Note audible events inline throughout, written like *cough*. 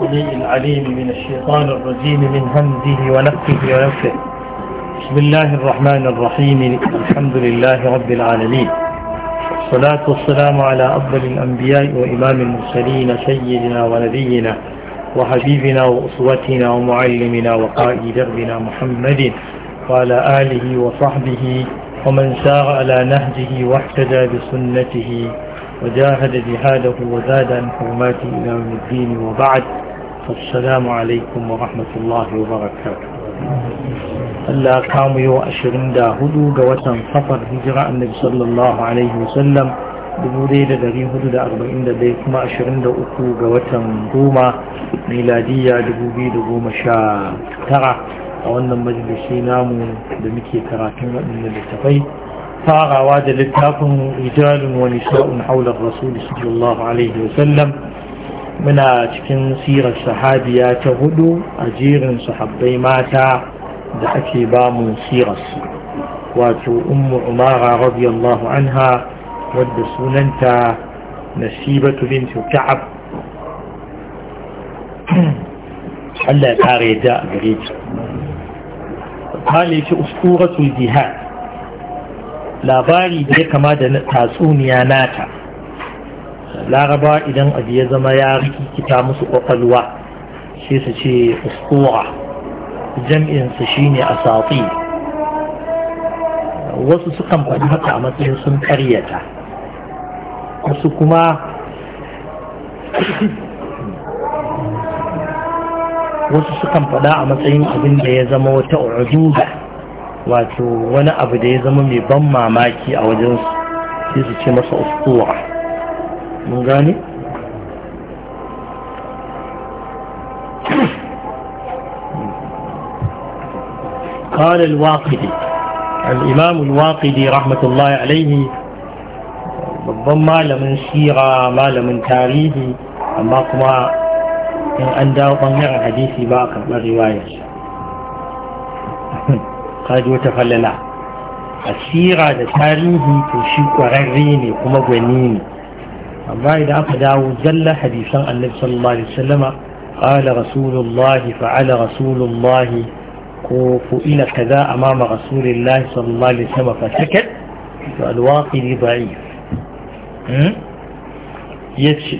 السميع العليم من الشيطان الرجيم من همزه ونفسه ونفسه بسم الله الرحمن الرحيم الحمد لله رب العالمين الصلاة والسلام على أفضل الأنبياء وإمام المرسلين سيدنا ونبينا وحبيبنا وأسوتنا ومعلمنا وقائد دربنا محمد وعلى آله وصحبه ومن سار على نهجه واحتدى بسنته وجاهد جهاده وزاد عن حرماته إلى الدين وبعد السلام عليكم ورحمة الله وبركاته Allah kamu yau ashirin da hudu ga watan safar hijira annabi sallallahu alaihi wasallam dai kuma ashirin da uku ga watan goma miladiya tara a wannan majalisi namu da muke karatun waɗannan littafai farawa da littafin rijalun wani sa'un haular rasuli sallallahu alaihi muna cikin sirar sahabiya ta hudu a jerin sahabbai mata da ake ba mu sirarsu wato ummu umara radiyallahu anha wadda sunanta nasibatu bintu ka'ab *clears throat* Allah ya kare da gare ta hali ce uskuratul jihad labari da ya kama da tatsuniya nata laraba idan abu ya zama ya rikita musu kwakwalwa sai su ce uskuwa jam'insu shine a safi wasu sukan faɗi haka a matsayin sun karyata wasu kuma *coughs* wasu sukan faɗa a matsayin abin da ya zama wata ujuba wato wani abu da ya zama mai ban mamaki a wajensu sai su ce masa uskuwa منغاني قال الواقدي الإمام الواقدي رحمة الله عليه ربما لمن سيرا ما لمن تاريه أما كما أن داو طمع الحديث باقى الرواية *laughs* قال جوة فلنا السيرة تاريه تشيك ورغيني ومغنيني amma idan aka dawo zalla hadisan annabi sallallahu alaihi wasallama qala rasulullahi fa'ala rasulullahi ko fu'ila kaza amama rasulillahi sallallahu alaihi wasallama fa sakat to alwaqidi da'if yace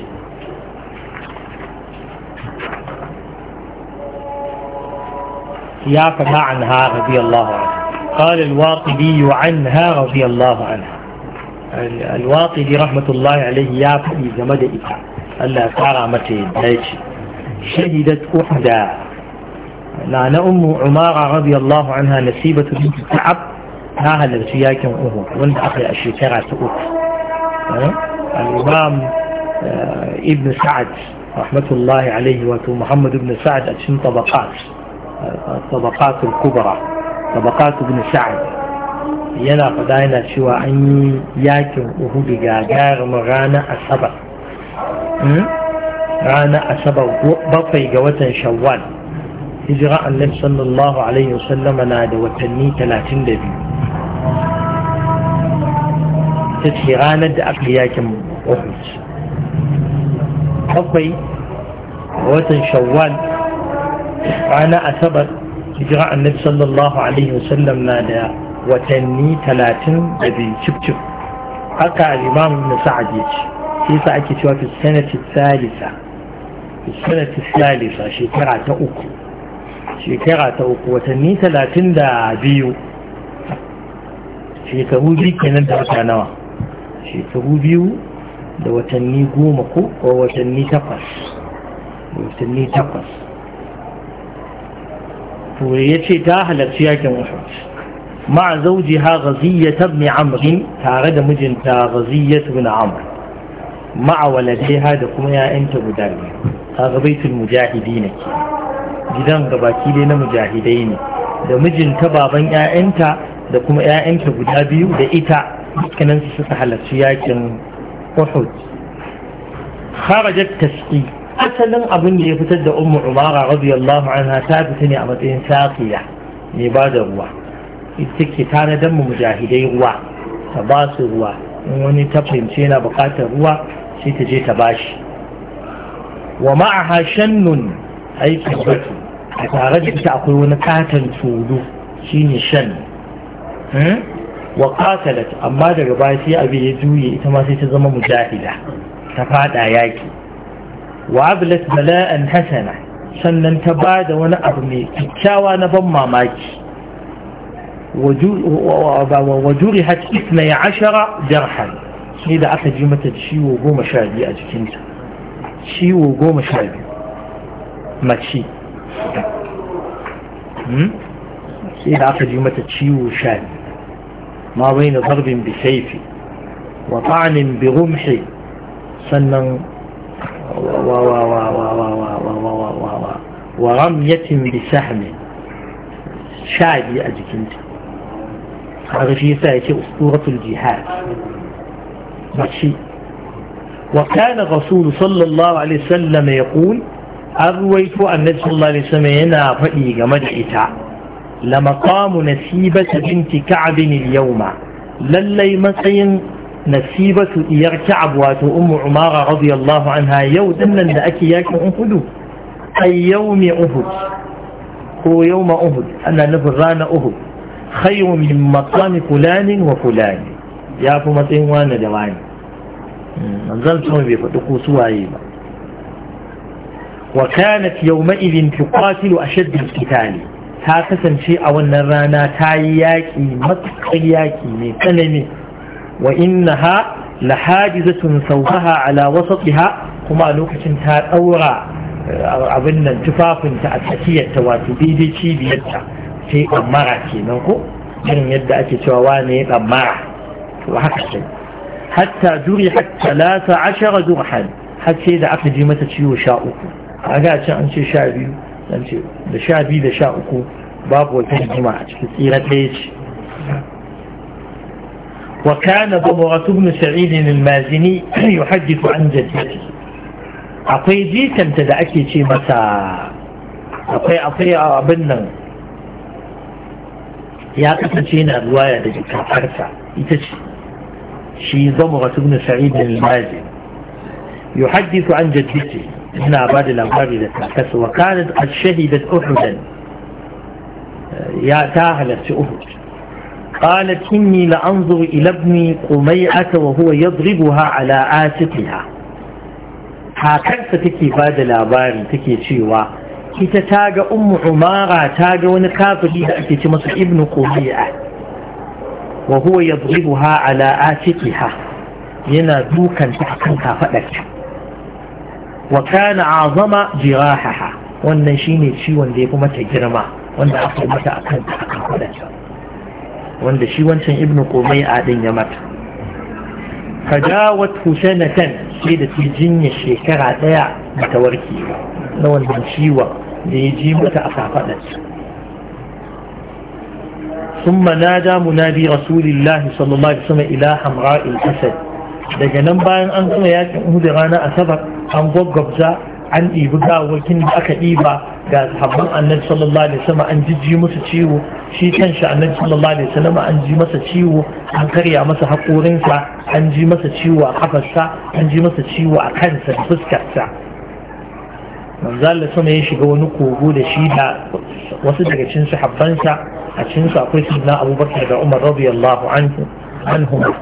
يا فما عنها رضي الله عنه قال الواقدي عنها رضي الله عنها الواطي رحمة الله عليه يا فدي جمد إتا الله تعالى متين شهدت أحدى لأن أم عمارة رضي الله عنها نسيبة بنت كعب لها الارتياك أهو وانت أخي الشكرة أخو أه؟ الإمام آه، ابن سعد رحمة الله عليه وتو محمد بن سعد أشن طبقات آه، الطبقات الكبرى طبقات ابن سعد yana faɗa yana cewa an yi yakin uhudu ga gagarumin ranar asabar hmm? ranar asabar bakwai ga watan shawwal hijira annabi sallallahu alaihi wasallama na da watanni 32 ta ce ranar da aka yakin uhud bakwai ga watan shawwal ranar asabar hijira annabi sallallahu alaihi wasallam na da watanni talatin da biyu cif haka al'imam na sa'ad ya ce sai sa ake cewa fi sanati salisa fi sanati salisa shekara ta uku shekara ta uku watanni talatin da biyu shekaru biyu kenan da wata nawa shekaru biyu da watanni goma ko watanni takwas watanni takwas to ya ce ta halarci yakin wasu. مع زوجها غزية بن عمرو تارد مجنتا غزية بن عمرو مع ولديها دكما يا أنت بداري هذا المجاهدين gidan gabaki dai na mujahidai ne da mijinta baban 'ya'yanta da kuma 'ya'yanta guda biyu da ita dukkanin su suka halarci yakin Uhud kharajat tasqi asalin abin da ya fitar da ummu umara radiyallahu anha ta fita ne a matsayin safiya ne ba da ruwa ita ke tanadan mu mujahidai ruwa ta ba su ruwa in wani ta fahimci yana buƙatar ruwa sai ta je ta bashi wa ma'aha shannun aikin batu a tare da ita akwai wani katon tulu shine shan hmm? wa qatalat amma daga baya sai abin ya juye ita ma sai ta zama mujahida ta fada yaki wa ablat bala'an hasana sannan ta ba da wani abu mai kyakkyawa na ban mamaki وجرحت اثني عشر جرحا إذا عطى جمة تشيو وقوم شادي أجك انت تشيو وقوم شادي ما تشي إذا عطى جمة تشيو وشادي ما بين ضرب بسيفي وطعن برمحي سنن ورمية بسحم شادي أجك انت هذا شيء سايتي أسطورة الجهاد ماشي وكان الرسول صلى الله عليه وسلم يقول أرويت أن النبي صلى الله عليه وسلم هنا فئي جمدعتا لمقام نسيبة بنت كعب اليوم للي مسين نسيبة إير كعب واتو أم عمارة رضي الله عنها يودن أن أكياك أهد أي يوم أهد هو يوم أهد أنا نفران أهد khayru min maqami fulanin wa ya fi matsayin wani da wani hmm, manzon bai faɗi ko suwaye ba wa kanat yawma'idin tuqatilu a al-qital ta kasance a wannan rana ta yi yaƙi matuƙar yaƙi mai tsanani wa innaha lahadizatun sawbaha ala wasatiha kuma a lokacin ta ɗaura eh, abin nan tufafinta a tsakiyarta wato daidai cibiyarta sai ɗammara kenan ko irin yadda ake cewa wane ya ɗammara to haka ce hatta duri hatta lata ashara durhan har sai da aka ji mata ciwo sha uku a ga can an ce sha biyu an ce da sha biyu da sha uku babu wata hikima a cikin tsira ɗaya ce وكان ضمرة بن سعيد an يحدث akwai jikanta da ake ce mata akwai akwai abin nan ya kasance yana ruwaya da kakarsa ita ce shi zama wasu ibn sa'id bin mazi yuhaddithu an jaddati ina ba da labari da kakarsa wa kanat qad shahidat uhudan ya ta halarci uhud قالت إني لأنظر إلى ابني قميعة وهو يضربها على آتقها هكذا تكي بعد الأبار تكي شيوا ita ta ga ummu umara ta ga wani kafiri da ake ci masa ibnu qubiya wa huwa yadribuha ala atiqiha yana dukan ta akan kafadarta wa kana azama jirahaha wannan shine ciwon da ya kuma ta girma wanda aka mata akan ta akan kafadarta wanda shi wancan ibnu qubiya din ya mata fadawat sanatan sai da ta jinya shekara daya ba ta warke ba na wannan ciwon da ya ji mata a kafaɗarsa ثم نادى منادي رسول الله صلى الله عليه وسلم إلى حمراء الأسد daga nan bayan an kuma yakin hudu rana asabar an gwaggwabza an ɗibi gawakin da aka diba ga sahabban annabi sallallahu alaihi wasallam an jijji musu ciwo shi kanshi annabi sallallahu alaihi wasallam an ji masa ciwo an karya masa haƙorinsa an ji masa ciwo a kafarsa an ji masa ciwo a kansa da fuskarsa da sama ya shiga wani kogo da shi da wasu daga cikin sahabbansa a cikin su akwai sunna abubakar da umar radiyallahu anhu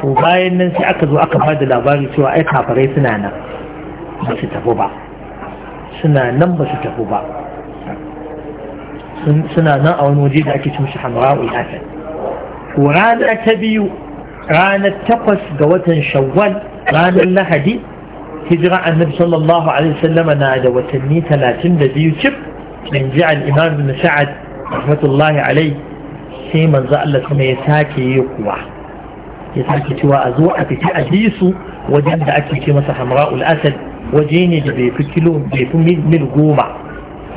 to bayan nan sai aka zo aka bada labari cewa ai kafarai suna nan ba su tafi ba suna nan ba su tafi ba suna nan a wani waje da ake cin shi hamra'ul asad to rana ta biyu ranar takwas ga watan shawwal ranar lahadi hijira annabi sallallahu alaihi wasallama na da watanni 32 cif in ji al-imam ibn sa'ad rahmatullahi alaihi sai manzo Allah kuma ya sake yi kuwa ya sake cewa a zo a fita a ji su wajen da ake ce masa hamra'ul asad waje ne da bai fi kilo bai fi mil goma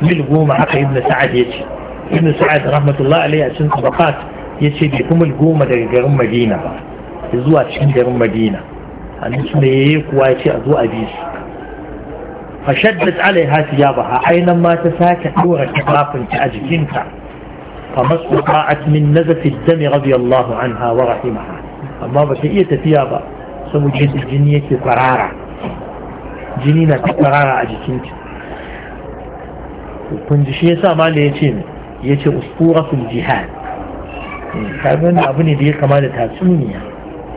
mil goma haka ibn sa'ad ya ce ibn sa'ad rahmatullahi alaihi a cikin tabaqat ya ce bai fi mil goma daga garin madina ba zuwa cikin garin madina المسلمي كواتي أدو أبيس فشدت عليها ثيابها أينما تساكت نورك باطنك أجكينك فمسقطاعت من نزف الدم رضي الله عنها ورحمها أما بكئية ثيابها سمجد الجنية فرارة جنينة فرارة وكنت وقندشي ما ليتين يتي أسطورة الجهاد كان أبني دي كمالتها سنينيها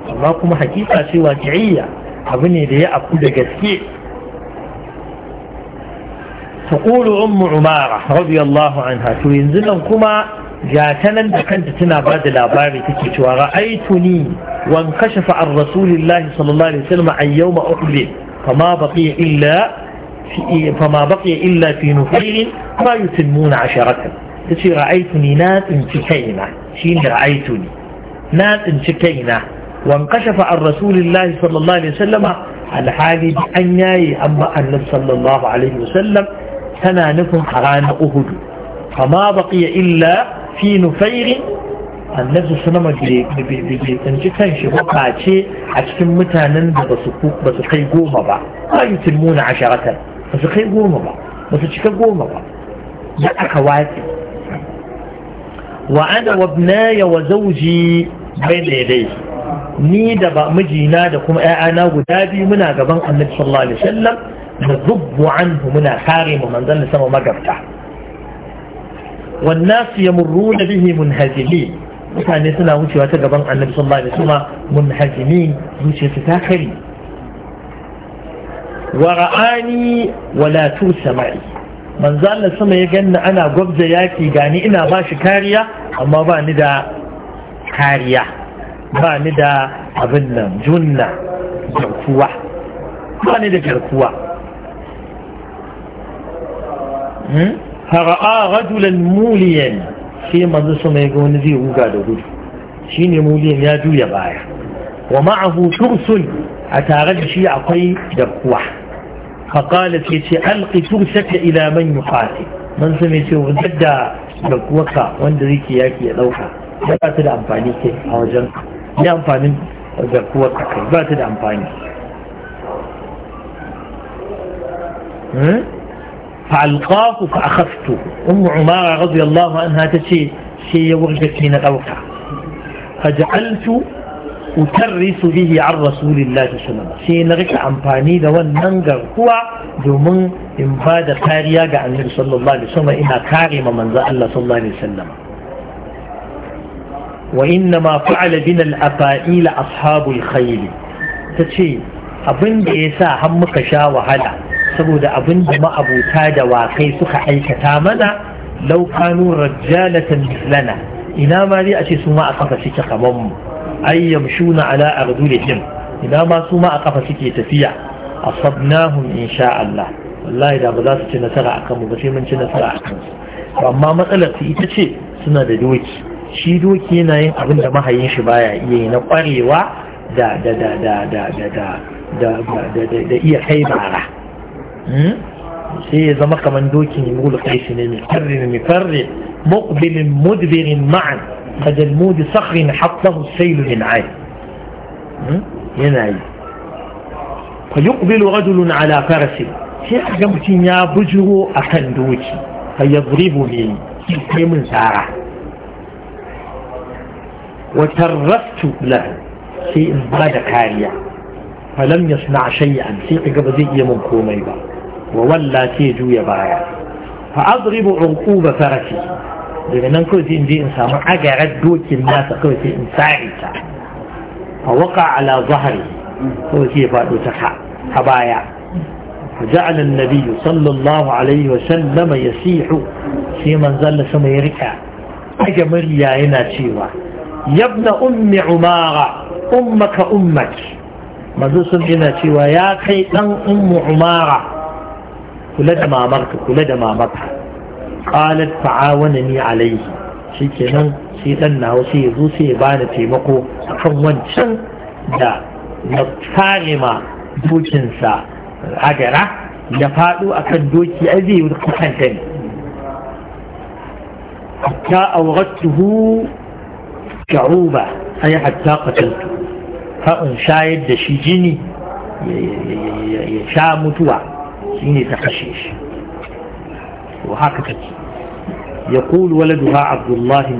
amma kuma hakika ce waƙi'iyya abu ne da ya afku da gaske تقول أم عمارة رضي الله عنها تنزلن كما جاتنا كنت تناباد الأباري تكيت ورأيتني وانكشف عن رسول الله صلى الله عليه وسلم عن يوم أحد فما بقي إلا في فما بقي إلا في نفير ما يتمون عشرة تشي رأيتني ناس انتكينا شين رأيتني ناس انتكينا وانكشف عن رسول الله صلى الله عليه وسلم على حالي بأنياي أما أن صلى الله عليه وسلم كان نفهم حران أهد فما بقي إلا في نفير النبي صلى الله عليه وسلم النفس السلام بيتنجفن شبه قاتي أتكم متانا بسقوق بسقي قوم با ما يتلمون عشرة بسقي قوم با بسقي قوم با يا أخواتي وأنا وابناي وزوجي بين يديه ni da ba mijina da kuma ‘ya'yana guda biyu muna gaban annabi sallallahu alaihi wasallam da zubbu anhu muna kare mu manzon da sama magabta wannan su yamurru da bihi munhazili mutane suna wucewa ta gaban annabi sallallahu alaihi wasallam munhazili zuciyarsu ta kare wa ra'ani wala tu sama'i manzo Allah sama ya ganna ana gwabza yaki gani ina ba shi kariya amma ba ni da kariya ba ni da abin nan junna garkuwa ba hmm? muliyan shi mazu su mai goni zai buga da gudu shine ne muliyan ya juya baya wa ma'ahu tursun a tare da shi akwai garkuwa haƙala ce ce alƙi tursaka ila man yi fati man su mai ce wadda wanda zai ke yaƙi ya ɗauka ya da amfani ke a wajen da amfanin garkuwar kai ba ta da amfani hmm? falkaku ka akhaftu umu umara razu yallahu an ta ce shi ya wurga ke na ɗauka faja'altu utar risu bihi an rasulillah ta shi shi na rika amfani da wannan garkuwa domin in ba da kariya ga annabi sallallahu alaihi wasallam ina kare ma manzo Allah sallallahu alaihi wasallam وإنما فعل بنا الأفائيل أصحاب الخيل تتشي abin da ya sa har muka sha wahala saboda abin da ma'abuta da wakai suka aikata mana laukanu rajjalatan mislana ina ma dai a ce su ma a kafa suke kamar mu ayyam yamshuna ala ardulihim ina ma su ma a kafa suke tafiya asabnahum insha Allah wallahi da ba za su ci nasara akan mu ba sai mun ci nasara akan su amma matsalar su ita ce suna da doki shi doki na yin abin da mahayin shi baya iya yi na kwarewa da da da da da da da da da da da iya kai bara sai ya zama kamar dokin yulu kai shi ne mai farri mai farri mukbilin mudbirin ma'an kajalmudi sakhrin hattahu sailu min ayn yana yi fa yuqbilu rajulun ala farasi sai a ga mutum ya bujuro akan doki fa yadribu ne sai mun tsara wata rastu lahu sai in ba da kariya falam ya suna shay'an sai ka gaba zai iya mun komai ba wa walla sai juya baya fa azribu unquba farasi daga nan kawai sai je in samu agarar dokin nasa kawai in sare ta fa waqa ala zahri kawai sai ya fado ta a baya فجعل النبي صلى الله عليه وسلم يسيح في منزل سما يركع أجمر يا هنا شيوا yabna ummi umara ummaka ummaki mazu sun ina cewa ya kai dan ummu umara kula da mamarka kula da mamarka qalat ta'awanani alayhi shikenan shi dan nawo sai ya zo sai ya bani taimako akan wancan da na kare ma dokinsa agara ya faɗo akan doki a zai yi ta ne hatta aurattuhu kyaruba an yi hattakatar haɗin shayar da shi jini ya sha mutuwa shi ne ta kashe shi to haka take ya kulu abdullahi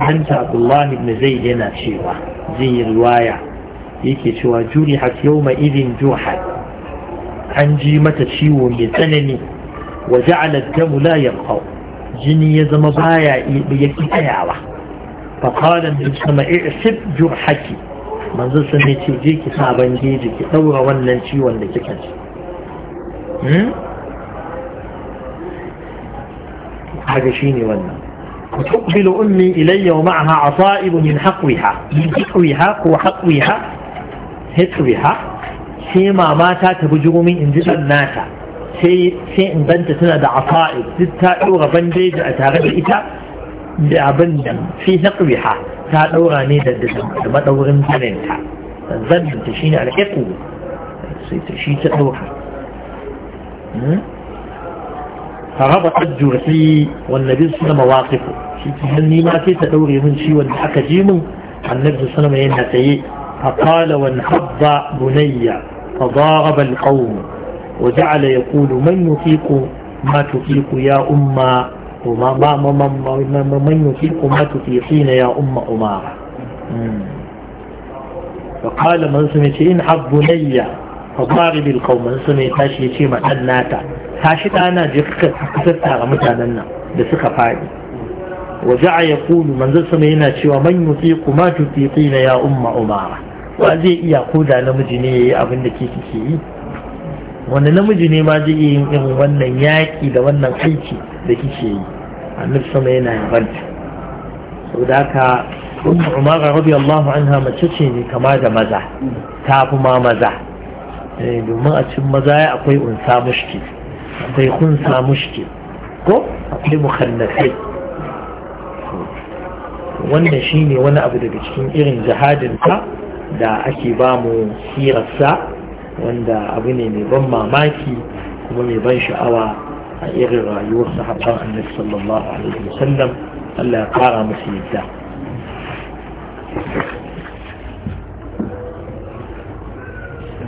na na zai yana cewa zai yi riwaya yake cewa juri hat yau mai izin juhar an ji mata ciwo mai tsanani wa ja'alat jini ya zama baya ya ki tsayawa فقال da صلى الله عليه وسلم اعسب جرحك manzo sun ne ce je ki sa bandeji ki daura wannan ciwon da kika ji haka shine wannan وتقبل أمي إلي ومعها عصائب من حقوها من حقوها وحقوها حقوها سيما ماتا تبجر من انجز الناتا sai in banta tana da asa'ib duk ta ɗora bandeji a tare da ita da abin da fi ta ɗaura ne da maɗaurin shi ne sai ta shi ta ɗaura فربطت جرحي والنبي صلى الله عليه وسلم واقفه فقال وانحض بني فضارب القوم وجعل يقول من يطيق ما تطيق يا أمّا to ma ma ma ma ma ma ma ya umma umara hmm. fa man sami ce in habbu layya fa ta ce ma nata ta shi dana je ka tsatta ga mutanen nan da suka faɗi. Waje ja'a yaqulu man zan sami yana cewa man yuti kuma tutiqina ya umma umara wa zai iya koda namiji ne yayi abin da kike ke yi wani namiji ne ma zai iya yin irin wannan yaƙi da wannan aiki da kike yi annabi sama yana yabanta saboda haka ummu umara radiyallahu anha mace ce ne kama da maza ta fi ma maza eh, domin a cikin maza ya akwai unsa mushki akwai kunsa mushki ko akwai mukhannafai wannan shine wani abu daga cikin irin jihadin ta da ake ba mu sirarsa wanda abu ne mai ban mamaki kuma mai ban sha'awa يغرى يوصح قرأ النبي صلى الله عليه وسلم ألا قرأ مسيدة Thank